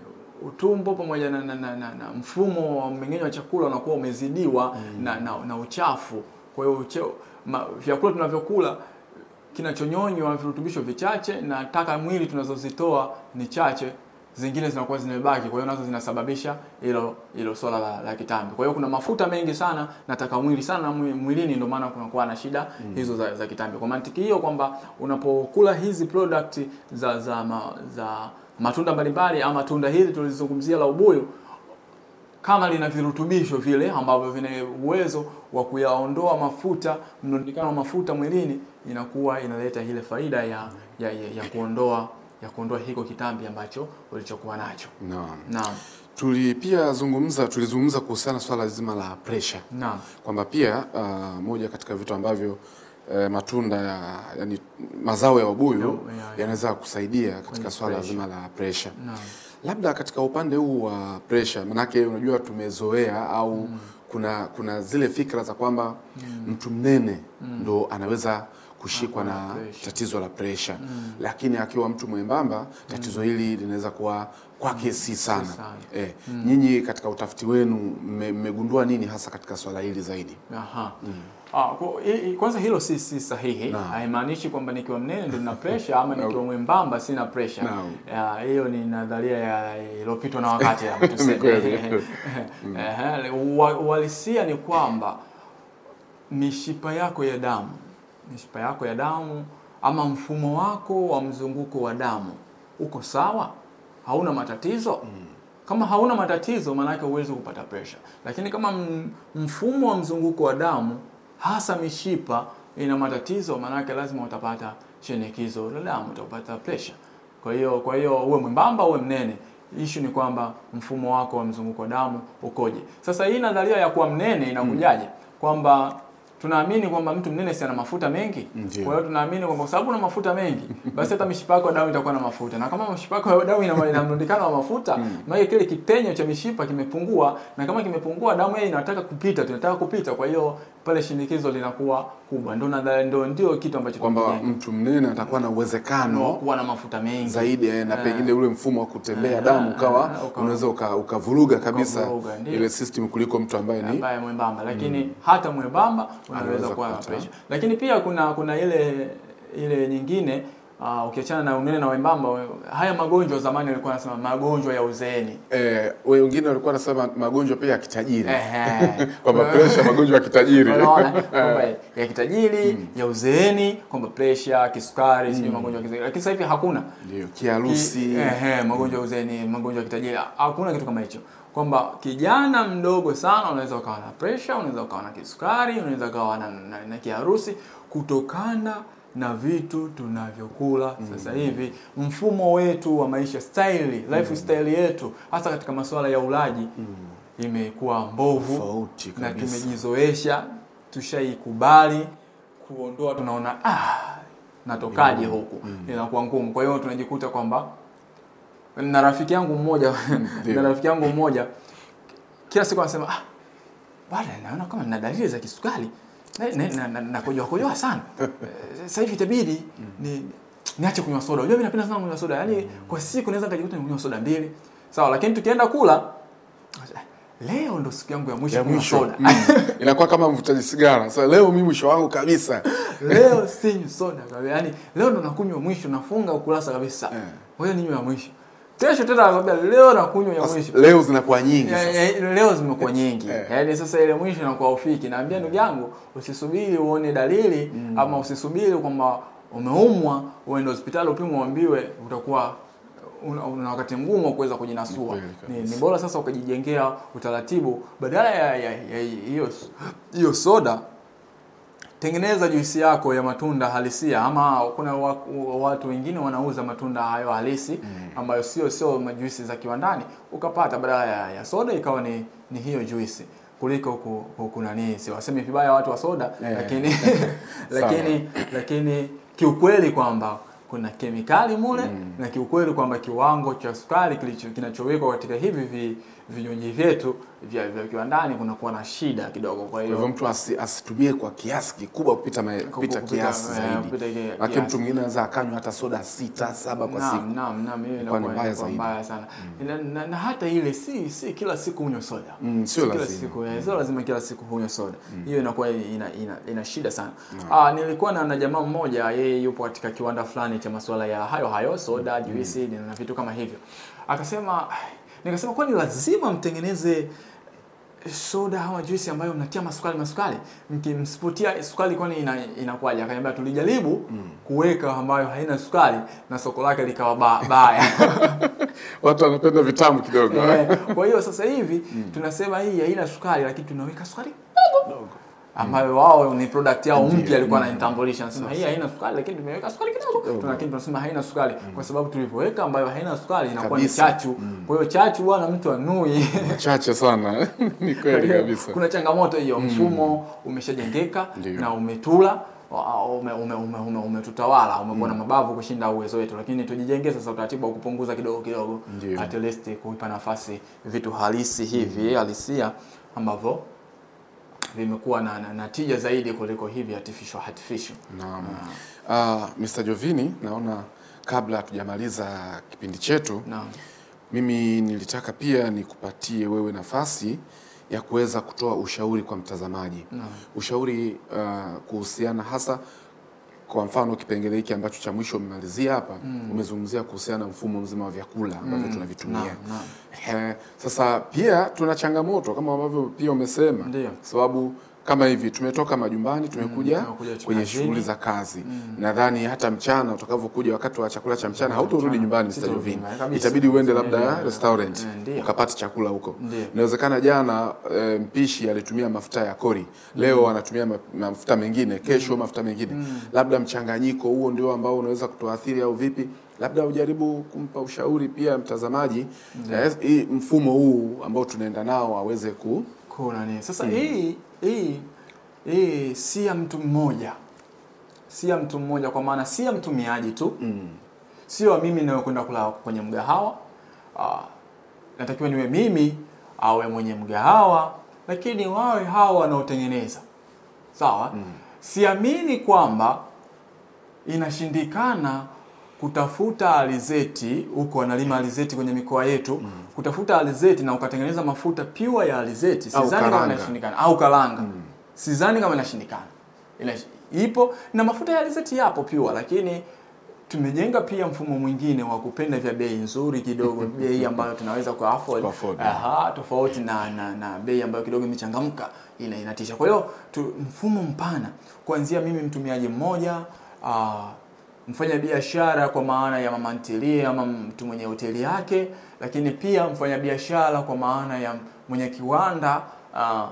utumbo pamoja na, na, na, na, na mfumo wa mmeng'enyo wa chakula unakuwa umezidiwa mm. na, na, na uchafu. Kwa hiyo vyakula tunavyokula kinachonyonywa virutubisho vichache na taka mwili tunazozitoa ni chache zingine zinakuwa zimebaki, kwa hiyo nazo zinasababisha hilo hilo swala la, la kitambi. Kwa hiyo kuna mafuta mengi sana nataka mwili sana mwilini, ndio maana kunakuwa na shida mm. hizo za, za kitambi. Kwa mantiki hiyo kwamba unapokula hizi product za za, ma, za matunda mbalimbali ama tunda hili tulizozungumzia la ubuyu kama lina virutubisho vile ambavyo vina uwezo wa kuyaondoa mafuta, mlundikano wa mafuta mwilini, inakuwa inaleta ile faida ya, ya, ya, ya kuondoa ya kuondoa hiko kitambi ambacho ulichokuwa nacho. Naam. Naam. Tuli pia zungumza tulizungumza kuhusiana swala zima la pressure. Naam. Kwamba pia uh, moja katika vitu ambavyo eh, matunda ya yani mazao ya ubuyu no, yeah, yeah. yanaweza kusaidia katika swala zima la pressure. Naam. Labda katika upande huu wa pressure manake unajua tumezoea au mm. kuna kuna zile fikra za kwamba mm. mtu mnene mm. ndo anaweza kushikwa ah, na, pressure. Tatizo la presha mm. Lakini akiwa mtu mwembamba mm. tatizo hili linaweza kuwa kwake mm. si sana e. mm. Nyinyi katika utafiti wenu mmegundua nini hasa katika swala hili zaidi? Aha. Mm. Ah, kwanza hilo si si sahihi. Haimaanishi kwamba nikiwa mnene ndo nina *laughs* pressure ama nikiwa mwembamba sina pressure. Ah, hiyo ni nadharia ya iliyopitwa na wakati hapo *laughs* tuseme. *laughs* Eh, mm. eh, uhalisia ni kwamba mishipa yako ya damu mishipa yako ya damu ama mfumo wako wa mzunguko wa damu uko sawa, hauna matatizo mm. Kama hauna matatizo, maanake huwezi kupata presha. Lakini kama mfumo wa mzunguko wa damu hasa mishipa ina matatizo, maanake lazima utapata shinikizo la damu, utapata presha. Kwa hiyo kwa hiyo uwe mwembamba uwe mnene, ishu ni kwamba mfumo wako wa mzunguko wa damu ukoje. Sasa hii nadharia ya kuwa mnene inakujaje? mm. kwamba tunaamini kwamba mtu mnene si ana mafuta mengi. Kwa hiyo tunaamini kwamba kwa sababu una mafuta mengi, *laughs* basi hata mishipa yako damu itakuwa na mafuta, na kama mishipa yako ya damu ina mlundikano wa mafuta mm. maana kile kipenyo cha mishipa kimepungua, na kama kimepungua, damu yeye inataka kupita, tunataka kupita, kwa hiyo pale shinikizo linakuwa kubwa. Ndio na ndio ndio kitu ambacho kwamba mtu mnene atakuwa na uwezekano wa kuwa na mafuta mengi zaidi eh, na pengine eh. ule mfumo wa kutembea eh, damu eh, eh, ukawa unaweza uka, ukavuruga kabisa ile system kuliko mtu ambaye ni ambaye mwembamba, lakini mm. hata mwembamba unaweza kuwa pressure. Lakini pia kuna kuna ile ile nyingine Uh, ukiachana na unene na wembamba, haya magonjwa zamani walikuwa nasema magonjwa ya uzeeni. Eh, wengine walikuwa nasema magonjwa pia ya kitajiri *laughs* kwamba pressure, magonjwa ya kitajiri *laughs* ya kitajiri mm. ya uzeeni kwamba pressure, kisukari, sio mm. magonjwa ya kitajiri, lakini sasa hivi hakuna ndio kiharusi, ehe, magonjwa ya uzeeni, magonjwa ya kitajiri, hakuna kitu kama hicho kwamba kijana mdogo sana unaweza ukawa na presha, unaweza ukawa na kisukari, unaweza ukawa na, na, na, na kiharusi kutokana na vitu tunavyokula mm. Sasa hivi mfumo wetu wa maisha staili, mm. yetu hasa katika masuala ya ulaji mm. imekuwa mbovu na tumejizoesha, tushaikubali kuondoa, tunaona ah, natokaje huku mm. inakuwa ngumu, kwa hiyo tunajikuta kwamba na rafiki yangu mmoja *laughs* na rafiki yangu mmoja kila siku anasema ah, bana naona kama nina dalili za kisukari na nakojoa kojoa sana *laughs* eh, sasa hivi itabidi ni niache kunywa soda. Unajua mimi napenda sana kunywa soda. Yaani mm. kwa siku naweza nikajikuta nikunywa soda mbili. Sawa, lakini tukienda kula leo ndo siku yangu ya mwisho kunywa soda. Mm. Inakuwa kama mvutaji sigara. Sasa so, leo mimi mwisho wangu kabisa. *laughs* leo sinywi soda kabisa. Yaani leo ndo nakunywa mwisho, nafunga ukurasa kabisa. Eh. Kwa hiyo ninywe ya mwisho kesho tena anakwambia leo nakunywa ya mwisho. Leo zinakuwa nyingi sasa. leo zimekuwa nyingi. Eh, eh. Yaani sasa ile mwisho inakuwa ufiki. Naambia ndugu yangu usisubiri uone dalili mm. ama usisubiri kwamba umeumwa uende hospitali upimwe uambiwe utakuwa una, una wakati mgumu wa kuweza kujinasua. Ni, ni bora sasa ukajijengea utaratibu badala ya hiyo hiyo soda tengeneza juisi yako ya matunda halisia, ama kuna watu wengine wanauza matunda hayo halisi mm. ambayo sio sio majuisi za kiwandani, ukapata badala ya, ya soda ikawa ni, ni hiyo juisi kuliko kunani, waseme vibaya watu wa soda yeah, lakini, *laughs* *laughs* lakini lakini kiukweli kwamba kuna kemikali mule mm. na kiukweli kwamba kiwango cha sukari kinachowekwa katika hivi vi, vinywaji vyetu vya vya kiwandani kunakuwa na shida kidogo. Kwa hiyo mtu asitumie kwa kiasi kikubwa kupita kupita kiasi eh, zaidi, lakini mtu mwingine anaweza akanywa hata soda sita saba kwa siku. Naam, naam, hiyo inakuwa mbaya sana, mm. na hata ile si si kila siku unywe soda, mm, sio kila lazima, eh, mm. sio lazima kila siku unywe soda. Hiyo inakuwa ina shida sana. Ah, Nilikuwa na jamaa mmoja, yeye yupo katika kiwanda fulani cha masuala ya hayo hayo soda, juisi na vitu kama hivyo, akasema Nikasema kwani lazima mtengeneze soda ama juisi ambayo mnatia masukari masukari, mkimsipotia sukari kwani inakuwaje? Ina akaniambia tulijaribu mm. kuweka ambayo haina sukari na soko lake likawa ba, baya *laughs* watu wanapenda vitamu kidogo. Eh, kwa hiyo sasa hivi mm. tunasema hii haina sukari, lakini tunaweka sukari ambayo wao ni product yao mpya alikuwa anaitambulisha, anasema hii haina sukari, lakini tumeweka sukari kidogo, lakini tunasema haina sukari mm. kwa sababu tulivyoweka ambayo haina sukari inakuwa ni chachu. Mm. Kwa hiyo chachu, bwana, mtu anui chachu sana *laughs* ni kweli kabisa. Kuna changamoto hiyo, mm. mfumo umeshajengeka na umetula umetutawala ume, ume, ume, umekuwa na mabavu kushinda uwezo wetu, lakini tujijenge sasa utaratibu wa kupunguza kidogo kidogo, at least kuipa nafasi vitu halisi hivi halisia ambavyo vimekuwa na, na, na tija zaidi kuliko hivi artificial artificial. Naam. Uh, ah. ah, Mr. Jovini, naona kabla hatujamaliza kipindi chetu naam. Mimi nilitaka pia nikupatie wewe nafasi ya kuweza kutoa ushauri kwa mtazamaji naam. Ushauri uh, kuhusiana hasa kwa mfano kipengele hiki ambacho cha mwisho umemalizia hapa mm. umezungumzia kuhusiana na mfumo mzima wa vyakula ambavyo mm. tunavitumia na, na. He, sasa pia tuna changamoto kama ambavyo pia umesema, sababu kama hivi tumetoka majumbani mm, tumekuja mm, kwenye shughuli za kazi mm. Nadhani hata mchana utakavyokuja wakati wa chakula cha mchana hautorudi nyumbani Mr. Jovin, itabidi uende labda restaurant eh, ukapate chakula huko. Inawezekana jana e, mpishi alitumia mafuta ya kori leo mm. anatumia mafuta mengine, kesho mm. mafuta mengine mm. labda mchanganyiko huo ndio ambao unaweza kutoathiri au vipi labda ujaribu kumpa ushauri pia mtazamaji mm. eh, mfumo huu ambao tunaenda nao aweze ku kuna nini sasa mm. hii mm hii hii si ya mtu mmoja, si ya mtu mmoja, kwa maana si ya mtumiaji tu mm. Sio mimi nayokwenda kula kwenye mgahawa ah, natakiwa niwe mimi awe mwenye mgahawa, lakini wawe hawa wanaotengeneza sawa. Mm. Siamini kwamba inashindikana kutafuta alizeti huko analima alizeti kwenye mikoa yetu mm. kutafuta alizeti na ukatengeneza mafuta piwa ya alizeti sidhani kama inashindikana au karanga mm. sidhani kama inashindikana ipo na mafuta ya alizeti yapo piwa lakini tumejenga pia mfumo mwingine wa kupenda vya bei nzuri kidogo *laughs* bei ambayo tunaweza ku afford aha tofauti na, na, na bei ambayo kidogo imechangamka ina inatisha kwa hiyo mfumo mpana kuanzia mimi mtumiaji mmoja uh, mfanyabiashara kwa maana ya mama ntilie ama mtu mwenye hoteli yake, lakini pia mfanyabiashara kwa maana ya mwenye kiwanda uh,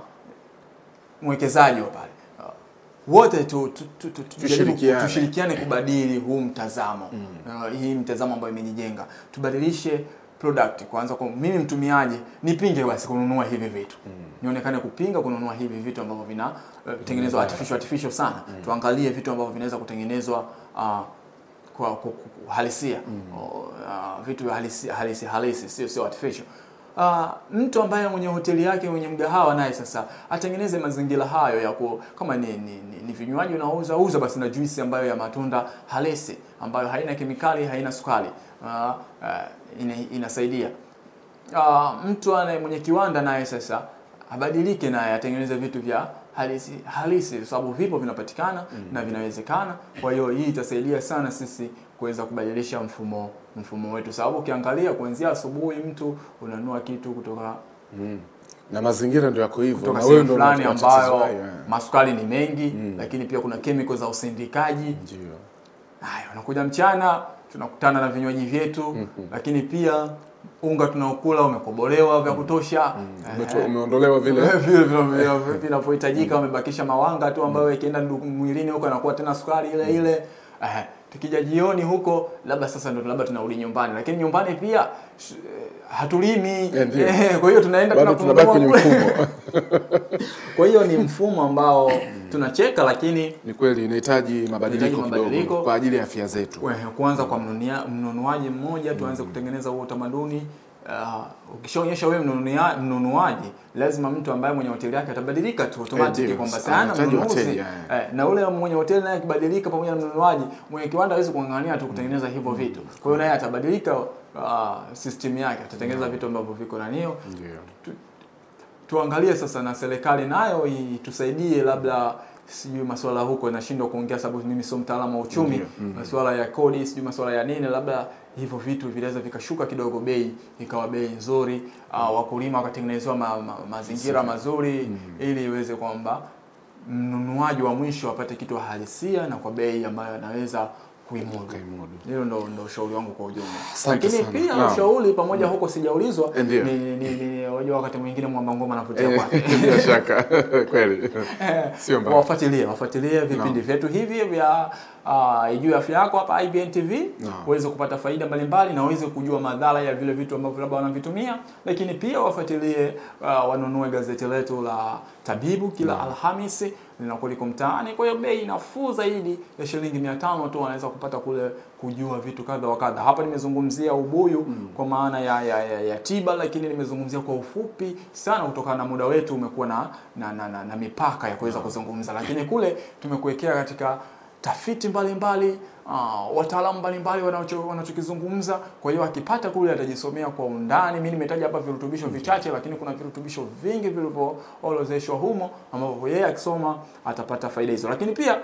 mwekezaji wa pale uh, wote tu, tu, tu, tu, tu, tushirikiane, tushirikiane kubadili huu mtazamo mm. Uh, hii mtazamo ambayo imenijenga tubadilishe product kwanza. Kwa mimi mtumiaji nipinge basi kununua hivi vitu mm. nionekane kupinga kununua hivi vitu ambavyo vinatengenezwa eh, uh, artificial artificial sana mm. Tuangalie vitu ambavyo vinaweza kutengenezwa uh, kwa, uhalisia mm Uh, vitu vya halisi halisi halisi, sio sio artificial. Uh, mtu ambaye mwenye hoteli yake mwenye mgahawa naye sasa atengeneze mazingira hayo ya ku, kama ni, ni, ni, ni vinywaji unauza uza basi na juisi ambayo ya matunda halisi ambayo haina kemikali haina sukari uh, uh, inasaidia uh, mtu anaye mwenye kiwanda naye sasa abadilike naye atengeneze vitu vya halisi, halisi kwa sababu vipo vinapatikana mm -hmm. na vinawezekana. Kwa hiyo hii itasaidia sana sisi kuweza kubadilisha mfumo mfumo wetu, sababu ukiangalia kuanzia asubuhi mtu unanua kitu kutoka mm na mazingira ndio yako hivyo, na wewe ndio fulani ambayo eh. masukari ni mengi mm. Lakini pia kuna chemical za usindikaji. Ndio hayo, unakuja mchana tunakutana na vinywaji vyetu, mm-hmm. lakini pia unga tunaokula umekobolewa vya mm. kutosha, mm. umeondolewa *laughs* vile vile vinavyohitajika umebakisha mm. mawanga tu ambayo ikienda mwilini huko anakuwa tena sukari ile ile. Tukija jioni huko, labda sasa ndo labda tunarudi nyumbani, lakini nyumbani pia eh, hatulimi. Eh, kwa hiyo tunaenda tunabaki *laughs* Kwa hiyo ni mfumo ambao *laughs* Mm. tunacheka, lakini ni kweli inahitaji mabadiliko kidogo kwa ajili ya afya zetu. Kuanza mm. kwa mnunuaji mmoja, tuanze mm. kutengeneza huo utamaduni. Uh, ukishaonyesha wewe mnunuaji, lazima mtu ambaye mwenye hoteli yake atabadilika tu automatic eh, kwamba sana mnunuzi eh, eh, na ule mwenye hoteli naye akibadilika pamoja na mnunuaji, mwenye kiwanda hawezi kuangania tu kutengeneza hivyo vitu. Kwa hiyo naye atabadilika uh, system yake, atatengeneza vitu ambavyo viko na nio tuangalie sasa na serikali nayo itusaidie, labda sijui masuala huko inashindwa kuongea, sababu mimi sio mtaalamu wa uchumi mm -hmm. masuala ya kodi sijui masuala ya nini, labda hivyo vitu vinaweza vikashuka kidogo, bei ikawa bei nzuri, uh, wakulima wakatengenezewa ma, ma, mazingira mazuri mm -hmm. ili iweze kwamba mnunuaji wa mwisho apate kitu halisia na kwa bei ambayo anaweza kuimudu. Hilo ndo ndo ushauri wangu kwa ujumla. Lakini pia ushauri pamoja mm. huko sijaulizwa eh, ni ni ni unajua wakati mwingine mwamba ngoma anafutia eh, kwa. *laughs* Bila shaka. *laughs* Kweli. Eh, Sio mbaya. Wafuatilie, wafuatilie vipindi no. vyetu hivi vya uh, ah, Ijue Afya Yako hapa IBN TV no. uweze kupata faida mbalimbali na uweze kujua madhara ya vile vitu ambavyo labda wanavitumia, lakini pia wafuatilie uh, wanunue gazeti letu la Tabibu kila no. Alhamisi linakuwa liko mtaani, kwa hiyo bei nafuu zaidi ya shilingi mia tu wanaweza kupata kule kujua vitu kadha wa kadha. Hapa nimezungumzia ubuyu mm. kwa maana ya, ya, ya, ya tiba, lakini nimezungumzia kwa ufupi sana kutokana na muda wetu umekuwa na, na, na, na, na mipaka ya kuweza kuzungumza, lakini kule tumekuwekea katika tafiti mbalimbali mbali, uh, wataalamu mbalimbali wanachokizungumza wanacho. Kwa hiyo akipata kule atajisomea kwa undani. Mimi nimetaja hapa virutubisho vichache, lakini kuna virutubisho vingi vilivyoorodheshwa humo ambavyo yeye akisoma atapata faida hizo, lakini pia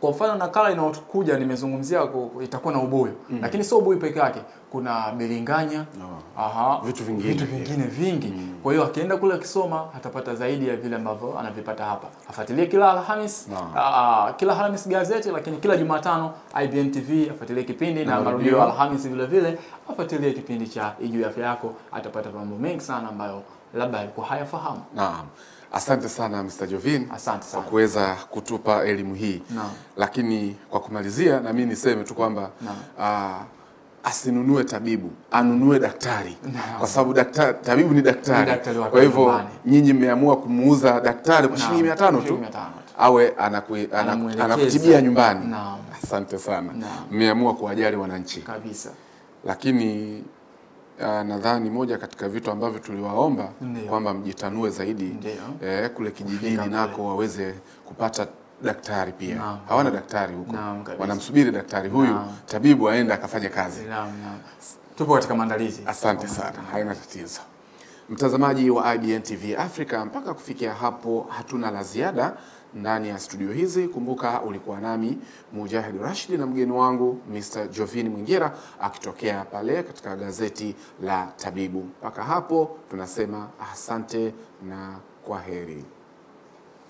kwa mfano nakala inayokuja nimezungumzia itakuwa na ubuyu mm. Lakini sio ubuyu peke yake, kuna biringanya no. Aha, vitu vingine, vitu vingine vingi mm. Kwa hiyo akienda kule akisoma atapata zaidi ya vile ambavyo anavipata hapa. Afuatilie kila Alhamis no. Kila Alhamis gazeti, lakini kila Jumatano IBN TV afuatilie kipindi no, na marudio Alhamis vile vile afuatilie kipindi cha Ijue Afya Yako, atapata mambo mengi sana ambayo labda alikuwa hayafahamu. Naam. Asante sana Mr. Jovin kwa kuweza kutupa elimu hii no. Lakini kwa kumalizia, na mimi niseme tu kwamba no. uh, asinunue tabibu, anunue daktari no. kwa sababu daktari, tabibu ni daktari, daktari. Kwa hivyo nyinyi mmeamua kumuuza daktari kwa shilingi mia tano tu awe anakutibia nyumbani no. Asante sana mmeamua no. kuwajali wananchi kabisa, lakini Ah, nadhani moja katika vitu ambavyo tuliwaomba kwamba mjitanue zaidi eh, kule kijijini nako waweze kupata daktari pia naam. Hawana daktari huko, wanamsubiri daktari huyu naam. Tabibu aende akafanya kazi naam, naam. Tupo katika maandalizi. Asante sana, haina tatizo. Mtazamaji wa IBN TV Africa, mpaka kufikia hapo hatuna la ziada ndani ya studio hizi. Kumbuka ulikuwa nami Mujahid Rashid na mgeni wangu Mr. Jovini Mwingira akitokea pale katika gazeti la Tabibu. Mpaka hapo tunasema asante na kwa heri.